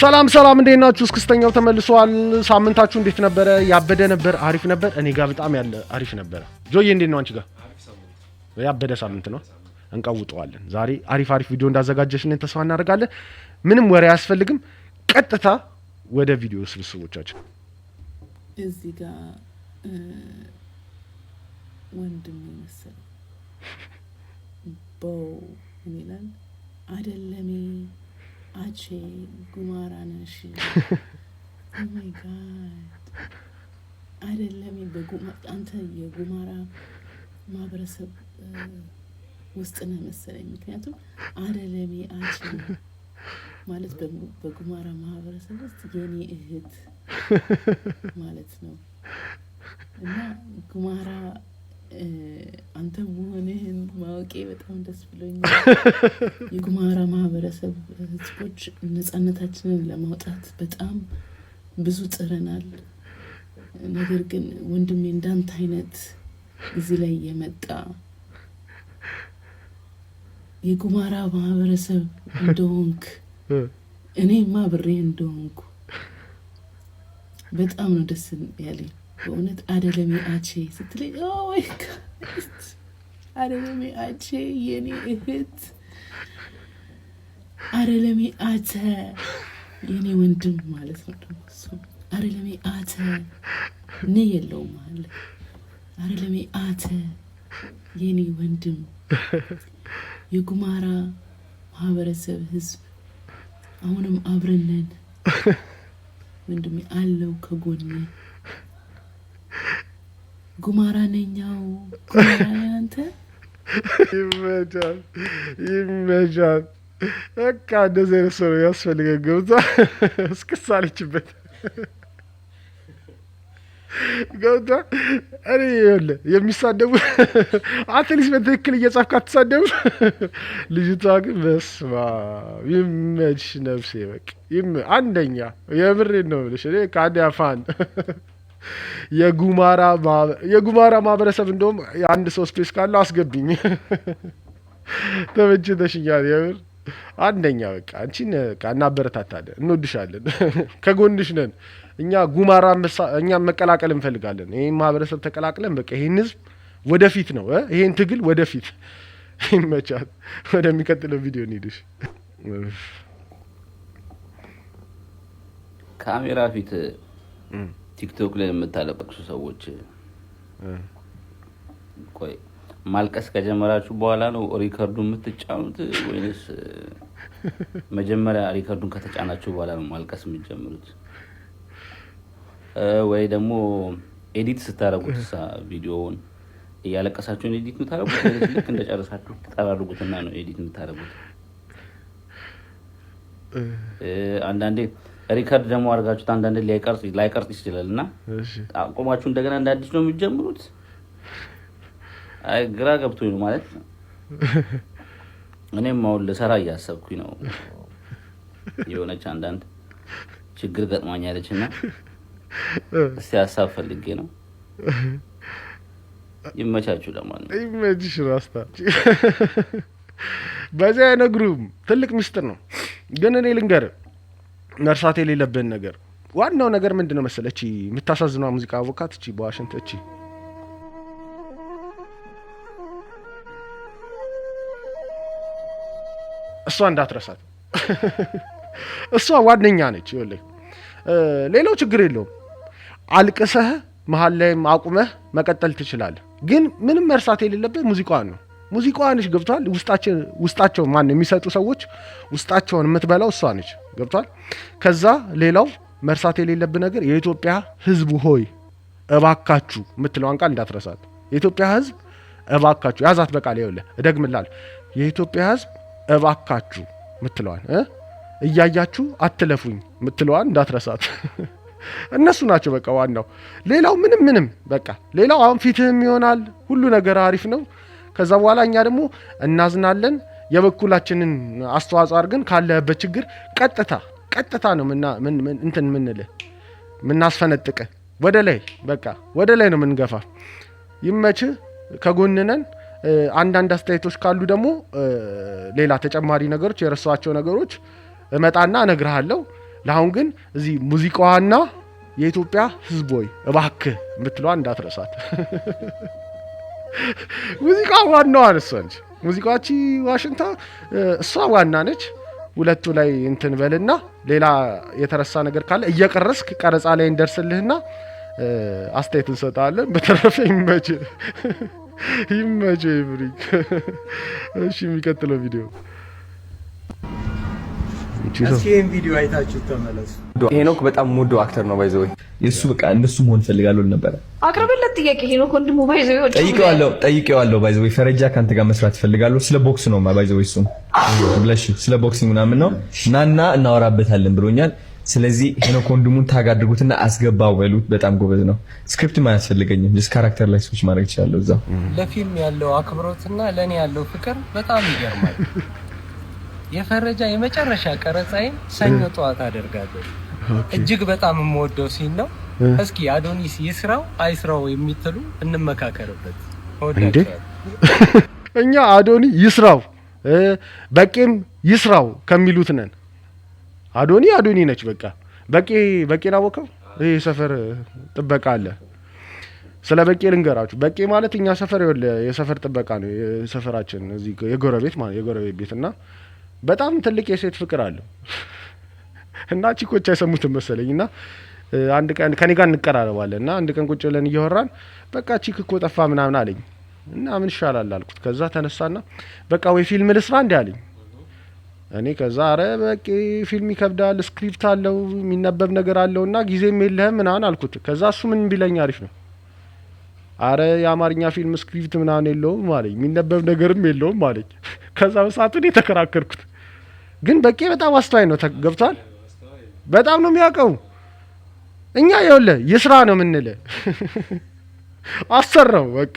ሰላም ሰላም፣ እንዴት ናችሁ? እስክስተኛው ተመልሷል። ሳምንታችሁ እንዴት ነበረ? ያበደ ነበር? አሪፍ ነበር? እኔ ጋር በጣም ያለ አሪፍ ነበረ። ጆዬ እንዴት ነው አንቺ ጋር? ያበደ ሳምንት ነው። እንቀውጠዋለን። ዛሬ አሪፍ አሪፍ ቪዲዮ እንዳዘጋጀሽልን ተስፋ እናደርጋለን። ምንም ወሬ አያስፈልግም። ቀጥታ ወደ ቪዲዮ ስብስቦቻችን እዚህ ጋር ወንድም መሰል በው ምን ይላል አቼ ጉማራ ነሽ ኦማይ ጋድ oh አይደለም። አንተ የጉማራ ማህበረሰብ ውስጥ ነህ መሰለኝ። ምክንያቱም አደለሜ አቼ ማለት በጉማራ ማህበረሰብ ውስጥ የኔ እህት ማለት ነው እና ጉማራ አንተ መሆንህን ማወቄ በጣም ደስ ብሎኛል። የጉማራ ማህበረሰብ ህዝቦች ነፃነታችንን ለማውጣት በጣም ብዙ ጥረናል። ነገር ግን ወንድሜ እንዳንተ አይነት እዚህ ላይ የመጣ የጉማራ ማህበረሰብ እንደሆንክ እኔማ ብሬ እንደሆንኩ በጣም ነው ደስ ያለኝ። በእውነት አደለሜ አቼ ስትለኝ oh አደለሜ አቼ የኔ እህት አደለሜ አተ የኔ ወንድም ማለት ነው። ደግሞ እሱ አተ ነ የለውም አለ አደለሜ አተ የኔ ወንድም የጉማራ ማህበረሰብ ህዝብ አሁንም አብረነን ወንድሜ አለው ከጎኔ ጉማራ ነኛው አንተ ይመቻል፣ ይመቻል። በቃ እንደዚህ አይነት ሰው ነው ያስፈልገ ገብታ እስክሳለችበት ገብታ እኔ የለ የሚሳደቡ አትሊስ በትክክል እየጻፍክ አትሳደቡ። ልጅቷ ግን በስማ አብ ይመች ነፍሴ። በቃ አንደኛ የምሬን ነው ብለሽ እኔ ከአንድ ያፋን የጉማራ ማህበረሰብ እንደውም የአንድ ሰው ስፔስ ካለ አስገብኝ። ተመችተሽኛል የምር አንደኛ በቃ አንቺን በቃ እናበረታታለን፣ እንወድሻለን፣ ከጎንሽ ነን። እኛ ጉማራ እኛም መቀላቀል እንፈልጋለን። ይህን ማህበረሰብ ተቀላቅለን በቃ ይህን ህዝብ ወደፊት ነው ይሄን ትግል ወደፊት ይመቻት። ወደሚቀጥለው ቪዲዮ እንሂድሽ። ካሜራ ፊት ቲክቶክ ላይ የምታለቅሱ ሰዎች ቆይ ማልቀስ ከጀመራችሁ በኋላ ነው ሪከርዱን የምትጫኑት ወይስ መጀመሪያ ሪከርዱን ከተጫናችሁ በኋላ ነው ማልቀስ የምትጀምሩት? ወይ ደግሞ ኤዲት ስታደረጉት ሳ ቪዲዮውን እያለቀሳችሁን ኤዲት የምታደረጉት ልክ እንደጨረሳችሁ ጠራርጉትና ነው ኤዲት የምታደረጉት። አንዳንዴ ሪከርድ ደግሞ አድርጋችሁት አንዳንድ ላይቀርጽ ይችላል እና አቁማችሁ እንደገና እንደ አዲስ ነው የሚጀምሩት። ግራ ገብቶኝ ነው ማለት ነው። እኔም አሁን ልሰራ እያሰብኩኝ ነው። የሆነች አንዳንድ ችግር ገጥማኛለች እና እስ ሀሳብ ፈልጌ ነው። ይመቻችሁ። ለማንኛውም ይመችሽ። ራስታ በዚያ አይነግሩም። ትልቅ ምስጥር ነው ግን እኔ ልንገርህ መርሳት የሌለብን ነገር ዋናው ነገር ምንድን ነው መሰለህ፣ እቺ የምታሳዝኗ ሙዚቃ አቮካት እቺ በዋሽንት እቺ እሷ እንዳትረሳት፣ እሷ ዋነኛ ነች። ለ ሌላው ችግር የለውም። አልቅሰህ መሀል ላይም አቁመህ መቀጠል ትችላለህ። ግን ምንም መርሳት የሌለበት ሙዚቃዋን ነው። ሙዚቃዋ ነች ገብቷል። ውስጣቸው ማን የሚሰጡ ሰዎች ውስጣቸውን የምትበላው እሷ ነች። ገብቷል። ከዛ ሌላው መርሳት የሌለብን ነገር የኢትዮጵያ ህዝብ ሆይ እባካችሁ የምትለዋን ቃል እንዳትረሳት። የኢትዮጵያ ህዝብ እባካችሁ ያዛት በቃል ይውለ እደግምላል። የኢትዮጵያ ህዝብ እባካችሁ ምትለዋን እያያችሁ አትለፉኝ ምትለዋን እንዳትረሳት። እነሱ ናቸው በቃ ዋናው። ሌላው ምንም ምንም በቃ ሌላው አሁን ፊትህም ይሆናል ሁሉ ነገር አሪፍ ነው። ከዛ በኋላ እኛ ደግሞ እናዝናለን የበኩላችንን አስተዋጽኦ አድርገን ካለህበት ችግር ቀጥታ ቀጥታ ነው እንትን ምንልህ ምናስፈነጥቅ ወደ ላይ በቃ ወደ ላይ ነው ምንገፋ። ይመችህ። ከጎንነን አንዳንድ አስተያየቶች ካሉ ደግሞ ሌላ ተጨማሪ ነገሮች የረሷቸው ነገሮች እመጣና እነግርሃለሁ። ለአሁን ግን እዚህ ሙዚቃዋና የኢትዮጵያ ህዝቦይ እባክ የምትለዋ እንዳትረሳት። ሙዚቃ ዋናዋ ነሷ እንጂ ሙዚቃዎች ዋሽንታ እሷ ዋና ነች። ሁለቱ ላይ እንትን በልና ሌላ የተረሳ ነገር ካለ እየቀረስክ ቀረጻ ላይ እንደርስልህና አስተያየት እንሰጣለን። በተረፈ ይመች ይመች። እሺ፣ የሚቀጥለው ቪዲዮ ቪዲዮ አይታችሁ ተመለሱ። ሄኖክ በጣም ሙዶ አክተር ነው። ባይዘ ወይ የእሱ በቃ እንደሱ መሆን ፈልጋለሁ ነበረ። አቅርብለት ጥያቄ። ሄኖክ ወንድሙ ባይዘ ወይ ጠይቄዋለሁ፣ ጠይቄዋለሁ። ባይዘ ወይ ፈረጃ ከአንተ ጋር መስራት ፈልጋለሁ። ስለ ቦክስ ነው ባይዘ ወይ እሱም ብለሽ ስለ ቦክሲንግ ምናምን ነው ናና እናወራበታለን ብሎኛል። ስለዚህ ሄኖክ ወንድሙን ታግ አድርጉትና አስገባው በሉት። በጣም ጎበዝ ነው። ስክሪፕት አያስፈልገኝም። ስ ካራክተር ላይ ስዊች ማድረግ እችላለሁ። እዛ ለፊልም ያለው አክብሮትና ለእኔ ያለው ፍቅር በጣም ይገርማል። የፈረጃ የመጨረሻ ቀረጻይን ሰኞ ጠዋት አደርጋለሁ። እጅግ በጣም የምወደው ሲን ነው። እስኪ አዶኒስ ይስራው አይስራው የሚትሉ እንመካከርበት። እኛ አዶኒ ይስራው በቄም ይስራው ከሚሉት ነን። አዶኒ አዶኒ ነች። በቃ በቄ በቄን አወቀው። ይህ ሰፈር ጥበቃ አለ። ስለ በቄ ልንገራችሁ። በቄ ማለት እኛ ሰፈር የሰፈር ጥበቃ ነው። የሰፈራችን እዚህ የጎረቤት ማለት የጎረቤት ቤት እና በጣም ትልቅ የሴት ፍቅር አለው እና ቺኮች አይሰሙትም መሰለኝ እና አንድ ቀን ከኔ ጋር እንቀራረባለን እና አንድ ቀን ቁጭ ብለን እያወራን በቃ ቺክ እኮ ጠፋ ምናምን አለኝ እና ምን ይሻላል አልኩት። ከዛ ተነሳና በቃ ወይ ፊልም ልስራ እንዲ አለኝ። እኔ ከዛ አረ በቂ ፊልም ይከብዳል፣ ስክሪፕት አለው፣ የሚነበብ ነገር አለው እና ጊዜም የለህም ምናምን አልኩት። ከዛ እሱ ምን ቢለኝ አሪፍ ነው አረ የአማርኛ ፊልም ስክሪፕት ምናምን የለውም አለኝ። የሚነበብ ነገርም የለውም አለኝ። ከዛ በሰዓቱ እኔ ተከራከርኩት። ግን በቄ በጣም አስተዋይ ነው። ገብቷል። በጣም ነው የሚያውቀው። እኛ የለ የስራ ነው የምንለ አሰራው በቃ።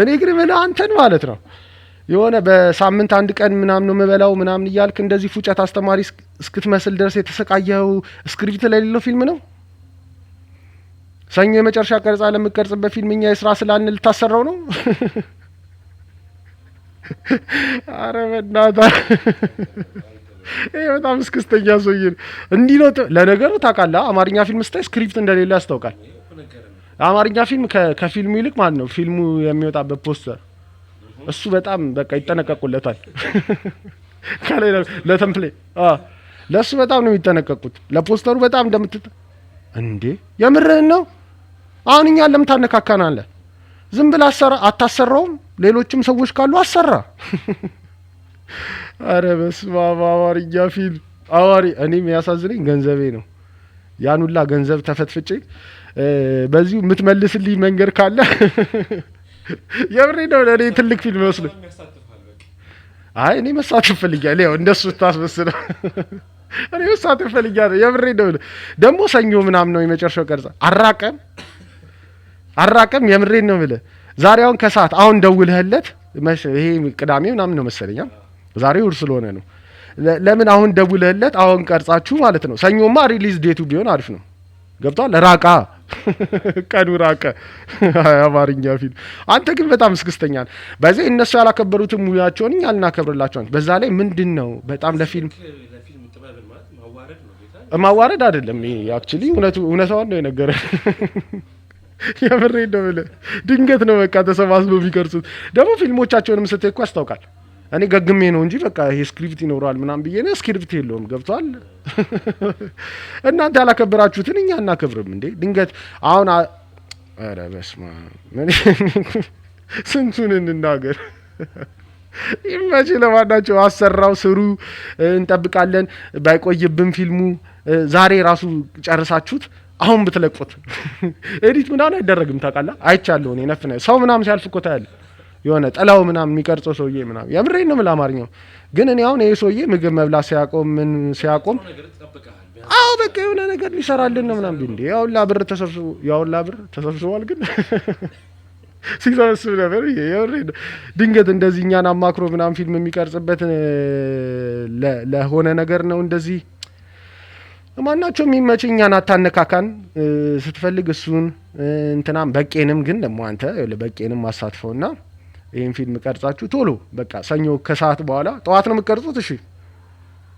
እኔ ግን ምን አንተን ማለት ነው የሆነ በሳምንት አንድ ቀን ምናምን ነው የምበላው ምናምን እያልክ እንደዚህ ፉጨት አስተማሪ እስክትመስል ድረስ የተሰቃየው ስክሪፕት ለሌለው ፊልም ነው። ሰኞ የመጨረሻ ቀረጻ ለምቀርጽበት ፊልም እኛ የስራ ስላልን ልታሰራው ነው? አረ በናታ በጣም እስክስተኛ ሰውዬ ነው። እንዲህ ነው ለነገሩ። ታውቃለህ አማርኛ ፊልም ስታይ ስክሪፕት እንደሌለ ያስታውቃል። አማርኛ ፊልም ከፊልሙ ይልቅ ማለት ነው ፊልሙ የሚወጣበት ፖስተር እሱ በጣም በቃ ይጠነቀቁለታል። ከላይ ለተምፕሌ ለእሱ በጣም ነው የሚጠነቀቁት። ለፖስተሩ በጣም እንደምትጠ እንዴ የምርህን ነው አሁን እኛ ለምን ታነካካናለህ? ዝም ብለህ አሰራ አታሰራውም? ሌሎችም ሰዎች ካሉ አሰራ። አረ በስመ አብ አዋርኛ ፊልም አዋሪ። እኔ የሚያሳዝነኝ ገንዘቤ ነው። ያን ሁላ ገንዘብ ተፈትፍጬ በዚሁ የምትመልስልኝ መንገድ ካለ የብሬ ነው። ለእኔ ትልቅ ፊልም መስሎኝ አይ እኔ መሳተፍ ፈልጊያለሁ። ያው እንደሱ ታስመስለው እኔ መሳተፍ ፈልጊያለሁ። የብሬ ነው። ደግሞ ሰኞ ምናምን ነው የመጨረሻው ቀርጻ አራቀን አራቅም የምሬን ነው ብለ ዛሬ አሁን ከሰዓት አሁን ደውልህለት ይሄ ቅዳሜ ምናምን ነው መሰለኛ ዛሬ ውር ስለሆነ ነው። ለምን አሁን ደውልህለት አሁን ቀርጻችሁ ማለት ነው። ሰኞማ ሪሊዝ ዴቱ ቢሆን አሪፍ ነው። ገብቷል። ራቃ ቀኑ ራቀ። አማርኛ ፊልም አንተ ግን በጣም እስክስተኛል። በዚህ እነሱ ያላከበሩትን ሙያቸውን እኛ ልናከብርላቸዋል። በዛ ላይ ምንድን ነው በጣም ለፊልም ማዋረድ አይደለም። አክቹሊ ነው የነገረ የምሬ ነው ብለ ድንገት ነው በቃ ተሰባስበው የሚቀርጹት። ደግሞ ፊልሞቻቸውንም ስትይ እኮ ያስታውቃል። እኔ ገግሜ ነው እንጂ በቃ ይሄ ስክሪፕት ይኖረዋል ምናም ብዬ ነው። ስክሪፕት የለውም። ገብቷል። እናንተ ያላከበራችሁትን እኛ አናከብርም እንዴ? ድንገት አሁን ኧረ በስመ አብ ስንቱን እንናገር። ይመች ለማናቸው አሰራው ስሩ፣ እንጠብቃለን። ባይቆይብን ፊልሙ ዛሬ ራሱ ጨርሳችሁት አሁን ብትለቁት ኤዲት ምናምን አይደረግም። ታውቃለህ አይቻለሁ እኔ ነፍነ ሰው ምናምን ሲያልፍ እኮ ታያለህ። የሆነ ጥላው ምናምን የሚቀርጸው ሰውዬ ምናምን የምሬን ነው። ለአማርኛው ግን እኔ አሁን ይሄ ሰውዬ ምግብ መብላት ሲያቆም ምን ሲያቆም፣ አዎ በቃ የሆነ ነገር ሊሰራልን ነው ምናምን ቢንዲ ያውላ ብር ተሰብስቦ ያውላ ብር ተሰብስቧል። ግን ሲሰበስብ ነበር። የምሬን ነው። ድንገት እንደዚህ እኛን አማክሮ ምናምን ፊልም የሚቀርጽበት ለሆነ ነገር ነው እንደዚህ ማናቸው የሚመች እኛን አታነካካን። ስትፈልግ እሱን እንትናም በቄንም ግን ደሞ አንተ በቄንም አሳትፈውና ይህን ፊልም ቀርጻችሁ ቶሎ በቃ ሰኞ ከሰዓት በኋላ ጠዋት ነው የምቀርጹት። እሺ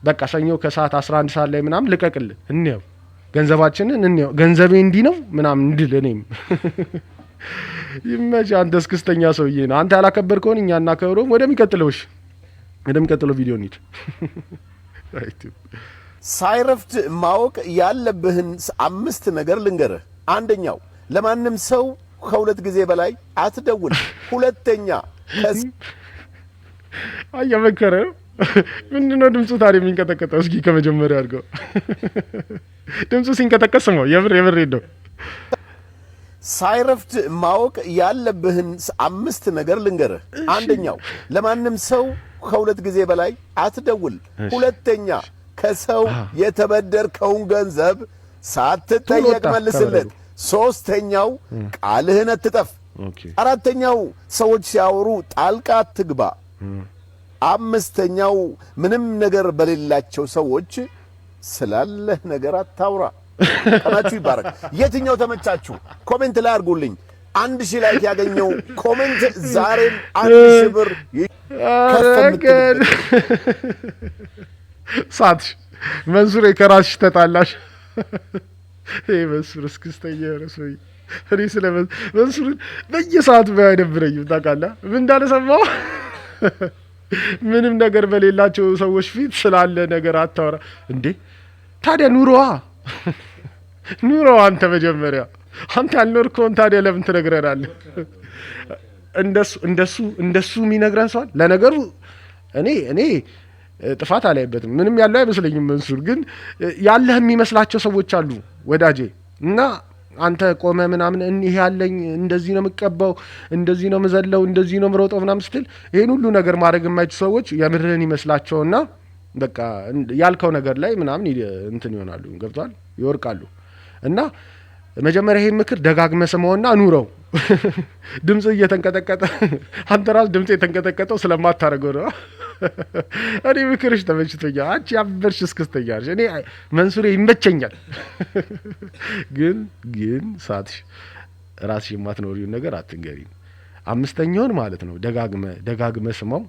በቃ ሰኞ ከሰዓት 11 ሰዓት ላይ ምናምን ልቀቅል፣ እንየው፣ ገንዘባችንን እንየው፣ ገንዘቤ እንዲህ ነው ምናምን እንድል እኔም ይመች። አንተ እስክስተኛ ሰውዬ ነው አንተ ያላከበር ከሆን እኛ እናከብረውም። ወደሚቀጥለው ወደሚቀጥለው ቪዲዮ እንሂድ። ሳይረፍድ ማወቅ ያለብህን አምስት ነገር ልንገርህ። አንደኛው ለማንም ሰው ከሁለት ጊዜ በላይ አትደውል። ሁለተኛ አያመከረ ምንድነው ድምፁ ታዲያ የሚንቀጠቀጠው? እስኪ ከመጀመሪያ አድርገው ድምፁ ሲንቀጠቀስ ነው። የምር የምር ሄደው ሳይረፍድ ማወቅ ያለብህን አምስት ነገር ልንገርህ። አንደኛው ለማንም ሰው ከሁለት ጊዜ በላይ አትደውል። ሁለተኛ ከሰው የተበደርከውን ገንዘብ ሳትጠየቅ መልስለት። ሶስተኛው ቃልህን አትጠፍ። አራተኛው ሰዎች ሲያወሩ ጣልቃ አትግባ። አምስተኛው ምንም ነገር በሌላቸው ሰዎች ስላለህ ነገር አታውራ። ቀናችሁ ይባረክ። የትኛው ተመቻችሁ? ኮሜንት ላይ አድርጉልኝ። አንድ ሺህ ላይክ ያገኘው ኮሜንት ዛሬም አንድ ሺህ ብር ከፍ ሳትሽ መንሱሬ ከራስሽ ተጣላሽ። ይህ መንሱር እስክስተኛ የሆነ ሰውዬ እኔ ስለ መንሱርን በየሰዓቱ ባይ አይደብረኝም። ታውቃለህ ምን እንዳለሰማው ምንም ነገር በሌላቸው ሰዎች ፊት ስላለ ነገር አታወራ እንዴ? ታዲያ ኑሮዋ ኑሮዋ አንተ መጀመሪያ አንተ ያልኖርከውን ታዲያ ለምን ትነግረናለህ? እንደሱ እንደሱ እንደሱ የሚነግረን ሰዋል። ለነገሩ እኔ እኔ ጥፋት አላይበትም። ምንም ያለው አይመስለኝም። መንሱር ግን ያለህ የሚመስላቸው ሰዎች አሉ ወዳጄ እና አንተ ቆመ ምናምን እኒህ ያለኝ እንደዚህ ነው የምቀባው፣ እንደዚህ ነው ምዘለው፣ እንደዚህ ነው ምሮጠው ምናምን ስትል ይህን ሁሉ ነገር ማድረግ የማይችሉ ሰዎች የምርህን ይመስላቸውና በቃ ያልከው ነገር ላይ ምናምን እንትን ይሆናሉ። ገብቷል? ይወርቃሉ እና መጀመሪያ ይህን ምክር ደጋግመ ስመውና ኑረው። ድምፅ እየተንቀጠቀጠ አንተ ራስ የተንቀጠቀጠው ስለማታደርገው ነው። እኔ ምክርሽ ተመችቶኛል። አንቺ ያበርሽ እስክስተኛ ነሽ። እኔ መንሱሬ ይመቸኛል። ግን ግን ሳትሽ ራስሽ የማትኖሪውን ነገር አትንገሪም። አምስተኛውን ማለት ነው ደጋግመ ደጋግመ ስመው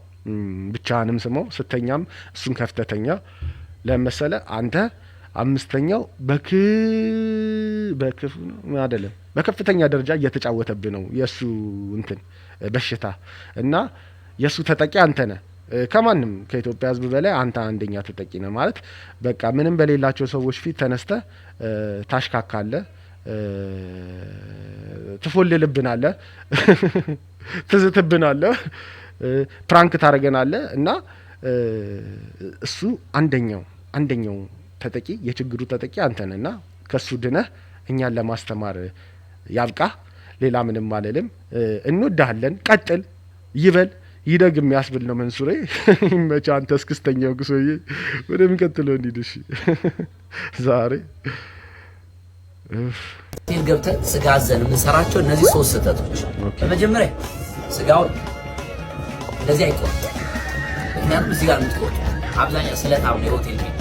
ብቻህንም ስመው ስተኛም እሱን ከፍተተኛ ለመሰለ አንተ አምስተኛው በክ ነው አይደለም በከፍተኛ ደረጃ እየተጫወተብህ ነው የእሱ እንትን በሽታ እና የእሱ ተጠቂ አንተ ነህ። ከማንም ከኢትዮጵያ ህዝብ በላይ አንተ አንደኛ ተጠቂ ነህ ማለት በቃ ምንም በሌላቸው ሰዎች ፊት ተነስተ ታሽካካለ፣ ትፎልልብናለ፣ ትዝትብናለ፣ ፕራንክ ታደረገናለ እና እሱ አንደኛው አንደኛው ተጠቂ የችግሩ ተጠቂ አንተ ነህ ከሱ ድነህ እኛን ለማስተማር ያብቃ። ሌላ ምንም አልልም። እንወዳሃለን። ቀጥል ይበል። ይደግ የሚያስብል ነው። መንሱሬ መቻ አንተ እስክስተኛው ጉሶዬ። ወደሚቀጥለው እንሂድ እሺ። ዛሬ ቴል ገብተን ስጋ አዘን የምንሰራቸው እነዚህ ሶስት ስህተቶች፣ በመጀመሪያ ስጋውን እንደዚህ አይቆርጥ። ምክንያቱም እዚህ ጋር የምትቆርጡ አብዛኛው ስለታም የሆቴል ቤት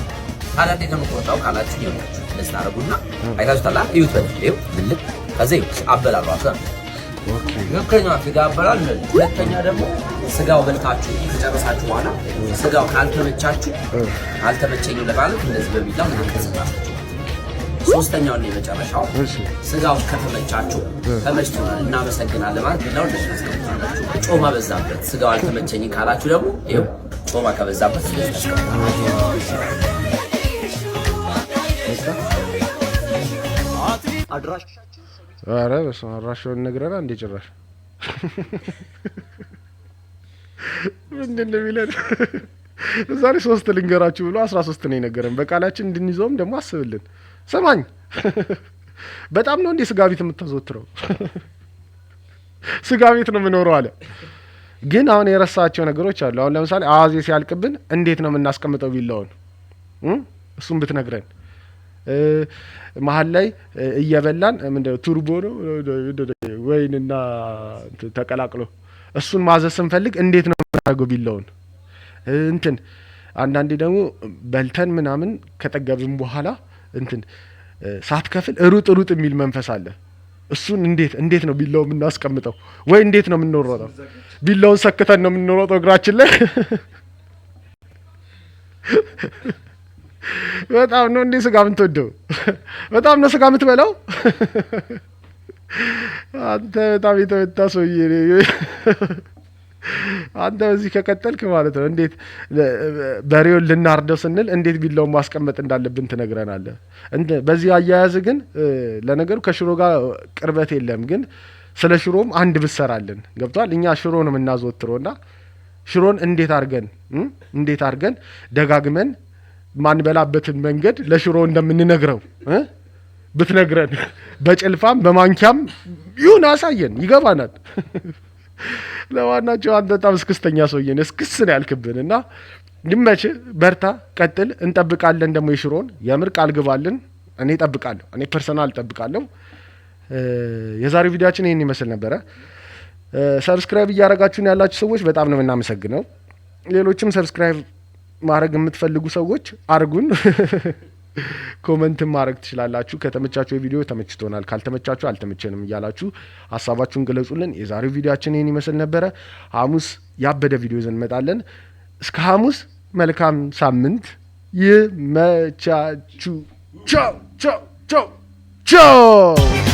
ታዲያ እንዴት ነው የምቆርጠው ካላችሁ፣ ይሆናችሁ ደስታ አረጉና አይታችሁ እዩት በደንብ ይው ምልክ ከዚ አበላሉ አብዛኛው ትክክለኛ ስጋ አበላል። ሁለተኛ ደግሞ ስጋው በልታችሁ ከጨረሳችሁ በኋላ ስጋው ካልተመቻችሁ አልተመቸኝም ለማለት እንደዚህ በሚላ ምናቀዝባችሁ። ሶስተኛው እና የመጨረሻው ስጋው ከተመቻችሁ ተመችቶናል እናመሰግናል ለማለት ቢላው እንደሽናስቀምጣላችሁ። ጮማ በዛበት ስጋው አልተመቸኝም ካላችሁ ደግሞ ይኸው ጮማ ከበዛበት አድራሽ አረ በስመ አብ ራሻውን ነግረና እንዴ ጭራሽ ምንድን ነው የሚለን? ዛሬ ሶስት ልንገራችሁ ብሎ አስራ ሶስት ነው የነገረን። በቃላችን እንድንይዘውም ደግሞ አስብልን። ሰማኝ በጣም ነው እንዴ ስጋ ቤት የምታዘወትረው? ስጋ ቤት ነው የምኖረው አለ። ግን አሁን የረሳቸው ነገሮች አሉ። አሁን ለምሳሌ አዋዜ ሲያልቅብን እንዴት ነው የምናስቀምጠው ቢለውን እሱም ብትነግረን መሀል ላይ እየበላን ምንድነው ቱርቦ ነው ወይንና ተቀላቅሎ እሱን ማዘዝ ስንፈልግ እንዴት ነው የምናደርገው? ቢላውን እንትን አንዳንዴ ደግሞ በልተን ምናምን ከጠገብን በኋላ እንትን ሳትከፍል ሩጥ ሩጥ የሚል መንፈስ አለ። እሱን እንዴት እንዴት ነው ቢላው የምናስቀምጠው? ወይ እንዴት ነው የምንሮጠው? ቢላውን ሰክተን ነው የምንሮጠው እግራችን ላይ በጣም ነው እንዲህ ስጋ የምትወደው? በጣም ነው ስጋ የምትበላው? አንተ በጣም የተመታ ሰውዬ። አንተ በዚህ ከቀጠልክ ማለት ነው እንዴት በሬውን ልናርደው ስንል እንዴት ቢላውን ማስቀመጥ እንዳለብን ትነግረናለህ። በዚህ አያያዝ ግን ለነገሩ ከሽሮ ጋር ቅርበት የለም፣ ግን ስለ ሽሮም አንድ ብሰራልን ገብቷል። እኛ ሽሮ ነው የምናዘወትረው እና ሽሮን እንዴት አርገን እንዴት አርገን ደጋግመን ማንበላበትን መንገድ ለሽሮ እንደምንነግረው ብትነግረን በጭልፋም በማንኪያም ይሁን አሳየን፣ ይገባናል። ለዋናቸው አንተ በጣም እስክስተኛ ሰውዬን እስክስ ነው ያልክብን እና ድመች በርታ፣ ቀጥል። እንጠብቃለን ደግሞ የሽሮን የምር ቃል ግባልን። እኔ እጠብቃለሁ፣ እኔ ፐርሰናል እጠብቃለሁ። የዛሬው ቪዲዮችን ይህን ይመስል ነበረ። ሰብስክራይብ እያደረጋችሁን ያላችሁ ሰዎች በጣም ነው የምናመሰግነው። ሌሎችም ሰብስክራይብ ማድረግ የምትፈልጉ ሰዎች አርጉን። ኮመንትን ማድረግ ትችላላችሁ። ከተመቻችሁ የቪዲዮ ተመችቶናል፣ ካልተመቻችሁ አልተመቸንም እያላችሁ ሀሳባችሁን ገለጹልን። የዛሬው ቪዲዮችን ይህን ይመስል ነበረ። ሐሙስ ያበደ ቪዲዮ ይዘን እንመጣለን። እስከ ሐሙስ መልካም ሳምንት ይመቻችሁ። ቻው ቻው ቻው ቻው